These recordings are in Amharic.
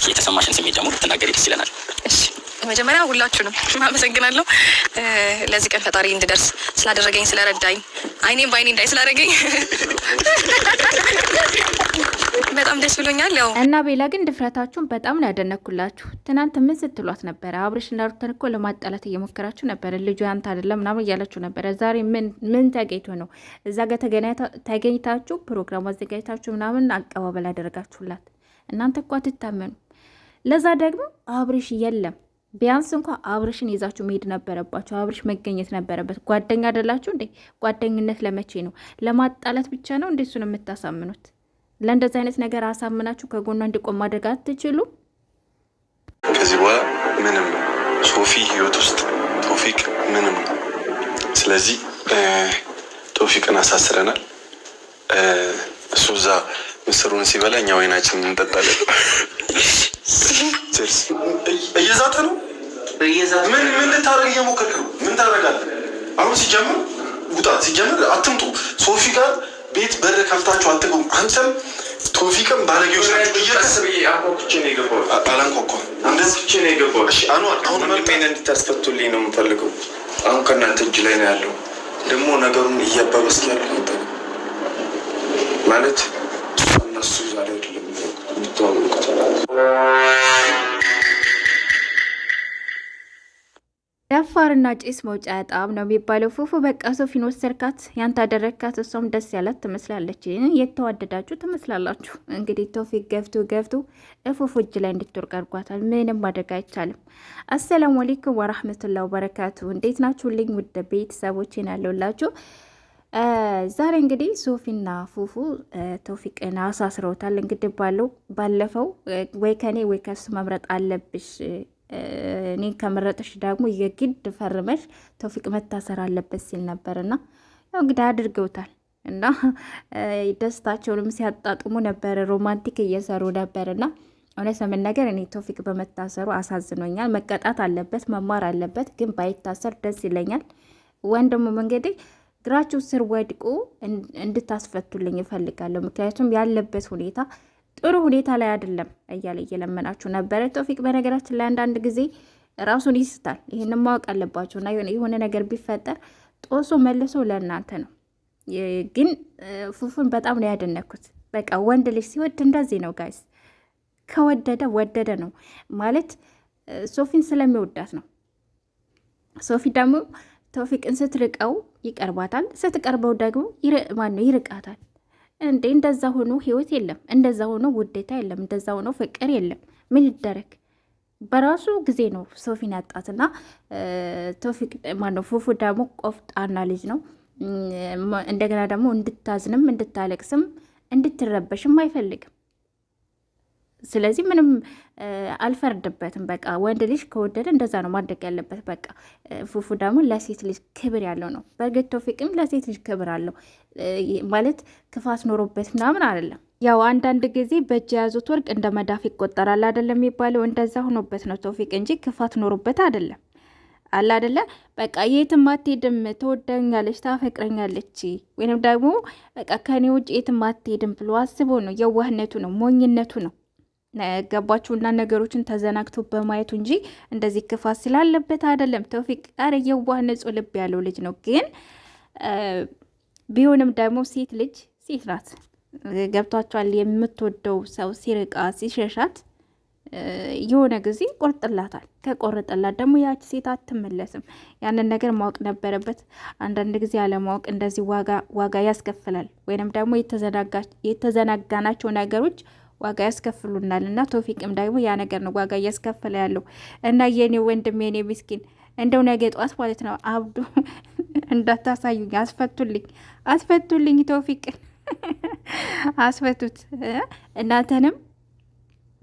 እስኪ የተሰማሽን ስሜት ደግሞ ብትናገሪ ደስ ይለናል። መጀመሪያ ሁላችሁንም አመሰግናለሁ። ለዚህ ቀን ፈጣሪ እንድደርስ ስላደረገኝ ስለረዳኝ፣ አይኔም በአይኔ እንዳይ ስላደረገኝ በጣም ደስ ብሎኛል። ያው እና ቤላ ግን ድፍረታችሁን በጣም ነው ያደነኩላችሁ። ትናንት ምን ስትሏት ነበረ? አብርሽ እንዳሩተን እኮ ለማጣላት እየሞከራችሁ ነበረ። ልጁ ያንተ አይደለም ምናምን እያላችሁ ነበረ። ዛሬ ምን ተገኝቶ ነው እዛ ጋር ተገኝታችሁ ፕሮግራሙ አዘጋጅታችሁ ምናምን አቀባበል ያደረጋችሁላት? እናንተ እኮ አትታመኑ። ለዛ ደግሞ አብርሽ የለም። ቢያንስ እንኳ አብርሽን ይዛችሁ መሄድ ነበረባችሁ። አብርሽ መገኘት ነበረበት። ጓደኛ አይደላችሁ እንዴ? ጓደኝነት ለመቼ ነው? ለማጣላት ብቻ ነው እንዴ? እሱን የምታሳምኑት? ለእንደዚህ አይነት ነገር አሳምናችሁ ከጎኗ እንዲቆም ማድረግ አትችሉም። ከዚህ በኋላ ምንም ሶፊ ህይወት ውስጥ ቶፊቅ ምንም ነው። ስለዚህ ቶፊቅን አሳስረናል። እሱ እዛ ምስሩን ሲበላ እኛ ወይናችን እንጠጣለን። እየዛጠ ነው። ምን ምን ልታደርግ እየሞከርክ ነው? ምን ታደርጋለህ አሁን? ሲጀምር ውጣ፣ ሲጀምር አትምጡ። ሶፊ ጋር ቤት በር ከፍታችሁ አትገቡ። አንተም ቶፊቅም ባለጌዎች ናቸው። አሁን መልሜን እንድታስፈቱልኝ ነው የምፈልገው። አሁን ከእናንተ እጅ ላይ ነው ያለው። ደግሞ ነገሩን እያባበስ ያለ ማለት ደፋርና ጭስ መውጫ ያጣም ነው የሚባለው። ፉፉ በቃ ሶፊን ወሰድካት፣ ያንተ አደረግካት፣ እሷም ደስ ያላት ትመስላለች፣ የተዋደዳችሁ ትመስላላችሁ። እንግዲህ ቶፊቅ ገብቶ ገብቶ ፉፉ እጅ ላይ እንድትወርቅ አድርጓታል። ምንም ማድረግ አይቻልም። አሰላሙ አሌይኩም ወራህመቱላ ወበረካቱ። እንዴት ናችሁልኝ ውድ ቤተሰቦቼን ያለውላችሁ ዛሬ እንግዲህ ሶፊና ፉፉ ቶፊቅን አሳስረውታል። እንግዲህ ባለው ባለፈው ወይ ከኔ ወይ ከሱ መምረጥ አለብሽ፣ እኔ ከመረጥሽ ደግሞ የግድ ፈርመሽ ተውፊቅ መታሰር አለበት ሲል ነበር እና ያው እንግዲህ አድርገውታል እና ደስታቸውንም ሲያጣጥሙ ነበር፣ ሮማንቲክ እየሰሩ ነበር እና እውነት ለመናገር እኔ ቶፊቅ በመታሰሩ አሳዝኖኛል። መቀጣት አለበት፣ መማር አለበት። ግን ባይታሰር ደስ ይለኛል። ወንድሙም እንግዲህ እግራችሁ ስር ወድቆ እንድታስፈቱልኝ እፈልጋለሁ። ምክንያቱም ያለበት ሁኔታ ጥሩ ሁኔታ ላይ አይደለም እያለ እየለመናችሁ ነበረ። ቶፊቅ በነገራችን ላይ አንዳንድ ጊዜ ራሱን ይስታል። ይህን ማወቅ አለባቸው እና የሆነ ነገር ቢፈጠር ጦሶ መልሶ ለእናንተ ነው። ግን ፉፉን በጣም ነው ያደነኩት። በቃ ወንድ ልጅ ሲወድ እንደዚህ ነው ጋይስ። ከወደደ ወደደ ነው ማለት ሶፊን ስለሚወዳት ነው። ሶፊ ደግሞ ተውፊቅን ስትርቀው ይቀርባታል፣ ስትቀርበው ደግሞ ማን ነው ይርቃታል። እንዴ እንደዛ ሆኖ ህይወት የለም፣ እንደዛ ሆኖ ውዴታ የለም፣ እንደዛ ሆኖ ፍቅር የለም። ምን ይደረግ? በራሱ ጊዜ ነው ሶፊን ያጣትና ተውፊቅ ማነው ፉፉ ደግሞ ቆፍጣና ልጅ ነው። እንደገና ደግሞ እንድታዝንም እንድታለቅስም እንድትረበሽም አይፈልግም። ስለዚህ ምንም አልፈርድበትም። በቃ ወንድ ልጅ ከወደደ እንደዛ ነው ማደግ ያለበት። በቃ ፉፉ ደግሞ ለሴት ልጅ ክብር ያለው ነው። በእርግጥ ቶፊቅም ለሴት ልጅ ክብር አለው ማለት ክፋት ኖሮበት ምናምን አይደለም። ያው አንዳንድ ጊዜ በእጅ የያዙት ወርቅ እንደ መዳፍ ይቆጠራል አይደለም የሚባለው፣ እንደዛ ሆኖበት ነው ቶፊቅ እንጂ ክፋት ኖሮበት አይደለም። አለ አደለ በቃ የትም አትሄድም፣ ትወደኛለች፣ ታፈቅረኛለች ወይንም ደግሞ በቃ ከኔ ውጭ የትም አትሄድም ብሎ አስቦ ነው። የዋህነቱ ነው፣ ሞኝነቱ ነው። ገባችሁና ነገሮችን ተዘናግቶ በማየቱ እንጂ እንደዚህ ክፋት ስላለበት አይደለም። ተውፊቅ ኧረ የዋህ ንጹሕ ልብ ያለው ልጅ ነው። ግን ቢሆንም ደግሞ ሴት ልጅ ሴት ናት። ገብቷቸዋል። የምትወደው ሰው ሲርቃ ሲሸሻት የሆነ ጊዜ ቆርጥላታል። ከቆረጠላት ደግሞ ያች ሴት አትመለስም። ያንን ነገር ማወቅ ነበረበት። አንዳንድ ጊዜ አለማወቅ እንደዚህ ዋጋ ዋጋ ያስከፍላል። ወይንም ደግሞ የተዘናጋናቸው ነገሮች ዋጋ ያስከፍሉናል። እና ቶፊቅም ደግሞ ያ ነገር ነው ዋጋ እያስከፈለ ያለው እና የኔ ወንድም የኔ ምስኪን እንደው ነገ ጠዋት ማለት ነው አብዱ እንዳታሳዩኝ፣ አስፈቱልኝ፣ አስፈቱልኝ፣ ቶፊቅን አስፈቱት። እናንተንም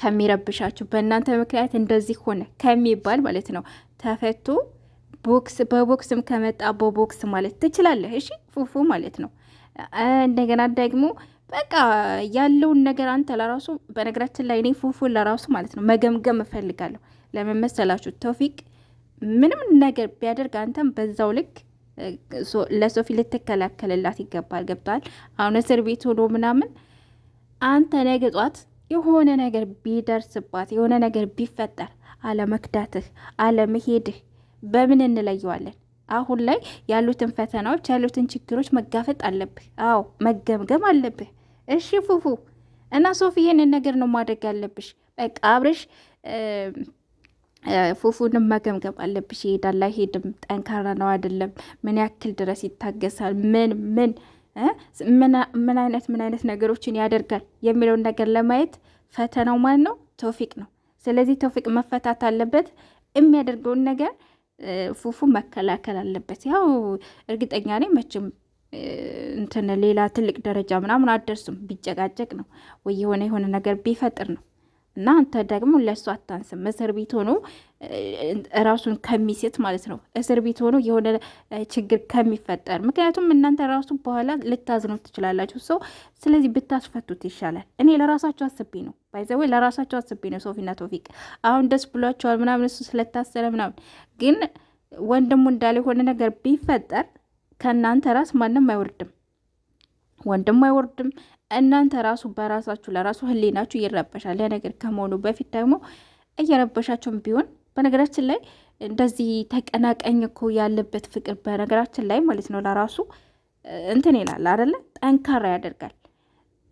ከሚረብሻችሁ በእናንተ ምክንያት እንደዚህ ሆነ ከሚባል ማለት ነው ተፈቶ ቦክስ በቦክስም ከመጣ በቦክስ ማለት ትችላለህ። እሺ ፉፉ ማለት ነው እንደገና ደግሞ በቃ ያለውን ነገር አንተ ለራሱ በነገራችን ላይ እኔ ፉፉን ለራሱ ማለት ነው መገምገም እፈልጋለሁ። ለመመሰላችሁ ተውፊቅ ምንም ነገር ቢያደርግ አንተም በዛው ልክ ለሶፊ ልትከላከልላት ይገባል። ገብቷል። አሁን እስር ቤት ሆኖ ምናምን አንተ ነገ ጧት የሆነ ነገር ቢደርስባት የሆነ ነገር ቢፈጠር አለመክዳትህ፣ አለመሄድህ በምን እንለየዋለን? አሁን ላይ ያሉትን ፈተናዎች ያሉትን ችግሮች መጋፈጥ አለብህ። አዎ መገምገም አለብህ። እሺ ፉፉ እና ሶፊ ይሄንን ነገር ነው ማድረግ ያለብሽ። በቃ አብረሽ ፉፉንም መገምገም አለብሽ። ይሄዳል አይሄድም፣ ጠንካራ ነው አይደለም፣ ምን ያክል ድረስ ይታገሳል፣ ምን ምን ምን አይነት ምን አይነት ነገሮችን ያደርጋል የሚለውን ነገር ለማየት ፈተናው ማለት ነው ቶፊቅ ነው። ስለዚህ ቶፊቅ መፈታት አለበት። የሚያደርገውን ነገር ፉፉ መከላከል አለበት። ያው እርግጠኛ ነኝ መቼም እንትን ሌላ ትልቅ ደረጃ ምናምን አደርሱም። ቢጨቃጨቅ ነው ወይ የሆነ የሆነ ነገር ቢፈጥር ነው እና አንተ ደግሞ ለእሱ አታንስም። እስር ቤት ሆኖ ራሱን ከሚሴት ማለት ነው እስር ቤት ሆኖ የሆነ ችግር ከሚፈጠር ምክንያቱም እናንተ ራሱ በኋላ ልታዝኑ ትችላላችሁ ሰው። ስለዚህ ብታስፈቱት ይሻላል። እኔ ለራሳቸው አስቤ ነው ባይዘወ ለራሳቸው አስቤ ነው። ሶፊና ቶፊቅ አሁን ደስ ብሏቸዋል ምናምን እሱ ስለታሰረ ምናምን፣ ግን ወንድሙ እንዳለ የሆነ ነገር ቢፈጠር ከእናንተ ራስ ማንም አይወርድም፣ ወንድም አይወርድም። እናንተ ራሱ በራሳችሁ ለራሱ ህሊናችሁ ይረበሻል። ያ ነገር ከመሆኑ በፊት ደግሞ እየረበሻቸውም ቢሆን በነገራችን ላይ እንደዚህ ተቀናቃኝ እኮ ያለበት ፍቅር በነገራችን ላይ ማለት ነው ለራሱ እንትን ይላል አደለ? ጠንካራ ያደርጋል።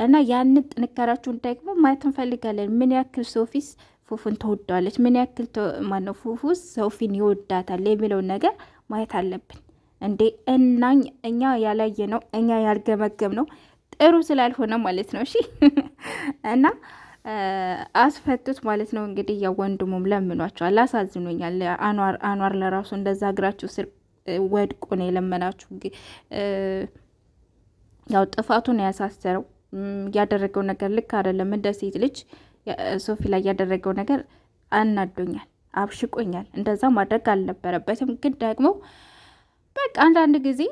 እና ያንን ጥንካሬያችሁን ደግሞ ማየት እንፈልጋለን። ምን ያክል ሶፊስ ፉፉን ተወደዋለች፣ ምን ያክል ማነው ፉፉስ ሶፊን ይወዳታል የሚለውን ነገር ማየት አለብን። እንዴ እናኝ እኛ ያላየ ነው እኛ ያልገመገም ነው ጥሩ ስላልሆነ ማለት ነው። እሺ እና አስፈቱት ማለት ነው። እንግዲህ ያው ወንድሙም ለምኗቸዋል። አሳዝኖኛል። አኗር ለራሱ እንደዛ እግራችሁ ስር ወድቆ ነው የለመናችሁ። ያው ጥፋቱን ያሳሰረው ያደረገው ነገር ልክ አይደለም። እንደ ሴት ልጅ ሶፊ ላይ ያደረገው ነገር አናዶኛል፣ አብሽቆኛል። እንደዛ ማድረግ አልነበረበትም ግን ደግሞ በቃ አንዳንድ ጊዜ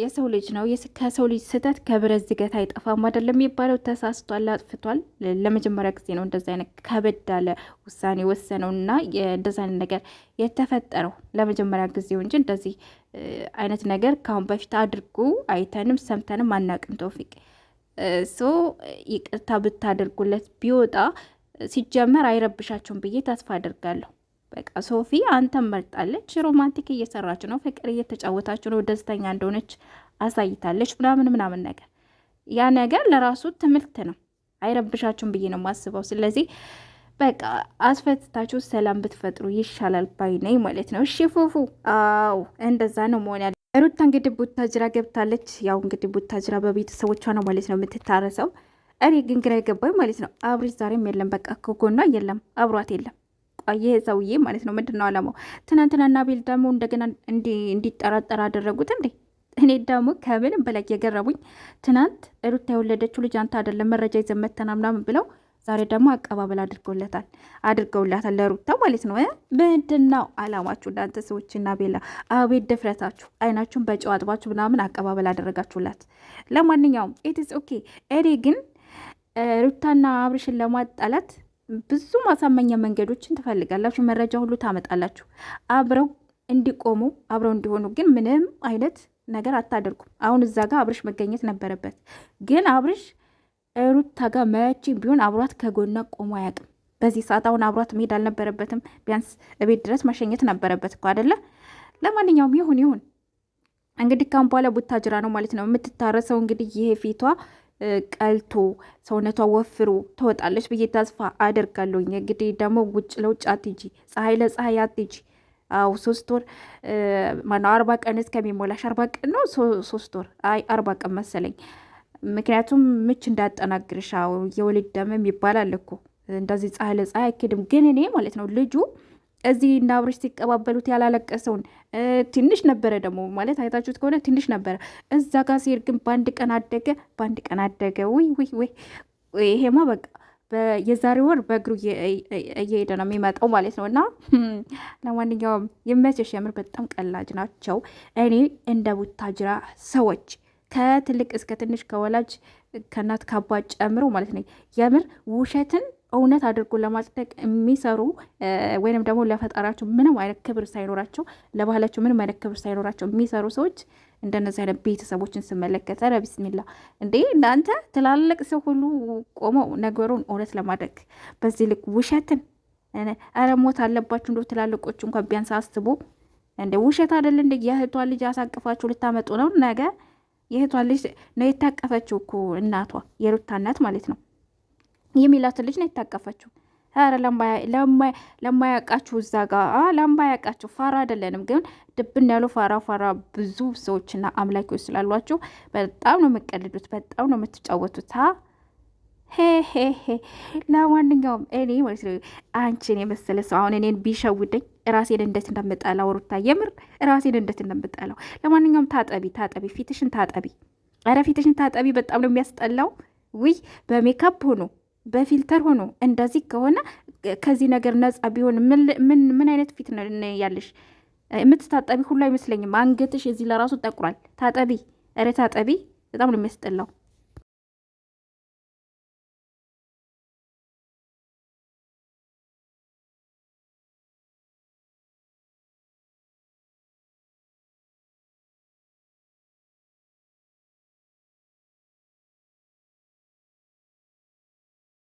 የሰው ልጅ ነው። ከሰው ልጅ ስህተት ከብረት ዝገት አይጠፋም አይደለም የሚባለው። ተሳስቷል፣ አጥፍቷል። ለመጀመሪያ ጊዜ ነው እንደዚ አይነት ከበድ ያለ ውሳኔ ወሰነው እና እንደዚ አይነት ነገር የተፈጠረው ለመጀመሪያ ጊዜው እንጂ እንደዚህ አይነት ነገር ከአሁን በፊት አድርጎ አይተንም ሰምተንም አናቅም። ተውፊቅ ሶ ይቅርታ ብታደርጉለት ቢወጣ ሲጀመር አይረብሻቸውም ብዬ ተስፋ አድርጋለሁ። በቃ ሶፊ አንተን መርጣለች። ሮማንቲክ እየሰራች ነው፣ ፍቅር እየተጫወታች ነው፣ ደስተኛ እንደሆነች አሳይታለች ምናምን ምናምን ነገር ያ ነገር ለራሱ ትምህርት ነው። አይረብሻችሁም ብዬ ነው የማስበው። ስለዚህ በቃ አስፈትታችሁ ሰላም ብትፈጥሩ ይሻላል ባይ ነኝ ማለት ነው። እሺ ፉፉ፣ አዎ እንደዛ ነው መሆን ያለ። ሩታ እንግዲህ ቡታጅራ ገብታለች። ያው እንግዲህ ቡታጅራ በቤተሰቦቿ ነው ማለት ነው የምትታረሰው። እኔ ግን ግራ የገባኝ ማለት ነው አብሪ ዛሬም የለም፣ በቃ ከጎኗ የለም፣ አብሯት የለም። ይሄ ሰውዬ ማለት ነው። ምንድነው አላማው? ትናንትና ቤል ደግሞ እንደገና እንዲጠራጠር አደረጉት እንዴ? እኔ ደግሞ ከምንም በላይ የገረሙኝ ትናንት ሩታ የወለደችው ልጅ አንተ አይደለም መረጃ ይዘን ምናምን ብለው ዛሬ ደግሞ አቀባበል አድርገውለታል አድርገውላታል ለሩታ ማለት ነው። ምንድን ነው አላማችሁ እናንተ ሰዎችና ቤላ? አቤት ድፍረታችሁ! አይናችሁን በጨው አጥባችሁ ምናምን አቀባበል አደረጋችሁላት። ለማንኛውም ኢትስ ኦኬ። እኔ ግን ሩታና አብርሽን ለማጣላት ብዙ ማሳመኛ መንገዶችን ትፈልጋላችሁ፣ መረጃ ሁሉ ታመጣላችሁ። አብረው እንዲቆሙ አብረው እንዲሆኑ ግን ምንም አይነት ነገር አታደርጉም። አሁን እዛ ጋር አብርሽ መገኘት ነበረበት፣ ግን አብርሽ ሩታ ጋር መቼም ቢሆን አብሯት ከጎና ቆሞ አያውቅም። በዚህ ሰዓት አሁን አብሯት መሄድ አልነበረበትም። ቢያንስ እቤት ድረስ መሸኘት ነበረበት እኮ አደለ? ለማንኛውም ይሁን ይሁን እንግዲህ ካሁን በኋላ ቡታጅራ ነው ማለት ነው የምትታረሰው። እንግዲህ ይሄ ፊቷ ቀልቶ ሰውነቷ ወፍሮ ትወጣለች ብዬ ተስፋ አደርጋለሁኝ። እንግዲህ ደግሞ ውጭ ለውጭ አትጂ፣ ፀሐይ ለፀሐይ አትጂ። አው ሶስት ወር ማነው አርባ ቀን እስከሚሞላሽ አርባ ቀን ነው ሶስት ወር አይ አርባ ቀን መሰለኝ። ምክንያቱም ምች እንዳጠናግርሽ የወሊድ ደም ይባላል እኮ እንደዚህ ፀሐይ ለፀሐይ አይክድም። ግን እኔ ማለት ነው ልጁ እዚህ እና አብርሽ ሲቀባበሉት ያላለቀሰውን ትንሽ ነበረ ደግሞ ማለት አይታችሁት ከሆነ ትንሽ ነበረ። እዛ ጋር ሲሄድ ግን በአንድ ቀን አደገ፣ በአንድ ቀን አደገ። ውይ ውይ ውይ! ይሄማ በቃ የዛሬ ወር በእግሩ እየሄደ ነው የሚመጣው ማለት ነው። እና ለማንኛውም ይመችሽ። የምር በጣም ቀላጅ ናቸው። እኔ እንደ ቡታጅራ ሰዎች ከትልቅ እስከ ትንሽ ከወላጅ ከእናት ካባ ጨምሮ ማለት ነው የምር ውሸትን እውነት አድርጎ ለማጽደቅ የሚሰሩ ወይንም ደግሞ ለፈጠራቸው ምንም አይነት ክብር ሳይኖራቸው ለባህላቸው ምንም አይነት ክብር ሳይኖራቸው የሚሰሩ ሰዎች እንደነዚህ አይነት ቤተሰቦችን ስመለከተ ረቢስሚላ እንዴ እናንተ ትላልቅ ሰው ሁሉ ቆመው ነገሩን እውነት ለማድረግ በዚህ ልክ ውሸትን ኧረ ሞት አለባችሁ እንደ ትላልቆች እንኳን ቢያንስ አስቡ እንደ ውሸት አይደል እንደ የእህቷን ልጅ አሳቅፋችሁ ልታመጡ ነው ነገ የእህቷን ልጅ ነው የታቀፈችው እኮ እናቷ የሩታ እናት ማለት ነው የሚላትን ልጅ ነው የታቀፈችው። ኧረ ለማያውቃችሁ እዛ ጋ ለማያውቃችሁ ፋራ አይደለንም፣ ግን ድብን ያሉ ፋራ ፋራ ብዙ ሰዎችና አምላኪዎች ስላሏችሁ በጣም ነው የምቀልዱት፣ በጣም ነው የምትጫወቱት። ሄሄሄ ለማንኛውም እኔ ማለት ነው አንቺን የመሰለ ሰው አሁን እኔን ቢሸውደኝ ራሴን እንደት እንደምጠላው ሩታ፣ የምር ራሴን እንደት እንደምጠላው። ለማንኛውም ታጠቢ፣ ታጠቢ፣ ፊትሽን ታጠቢ። ኧረ ፊትሽን ታጠቢ። በጣም ነው የሚያስጠላው። ውይ በሜካፕ ሆኖ በፊልተር ሆኖ እንደዚህ ከሆነ ከዚህ ነገር ነፃ ቢሆን ምን ምን አይነት ፊት ያለሽ? የምትታጠቢ ሁሉ አይመስለኝም። አንገትሽ እዚህ ለራሱ ጠቁሯል። ታጠቢ፣ እረ ታጠቢ። በጣም ነው የሚያስጠላው።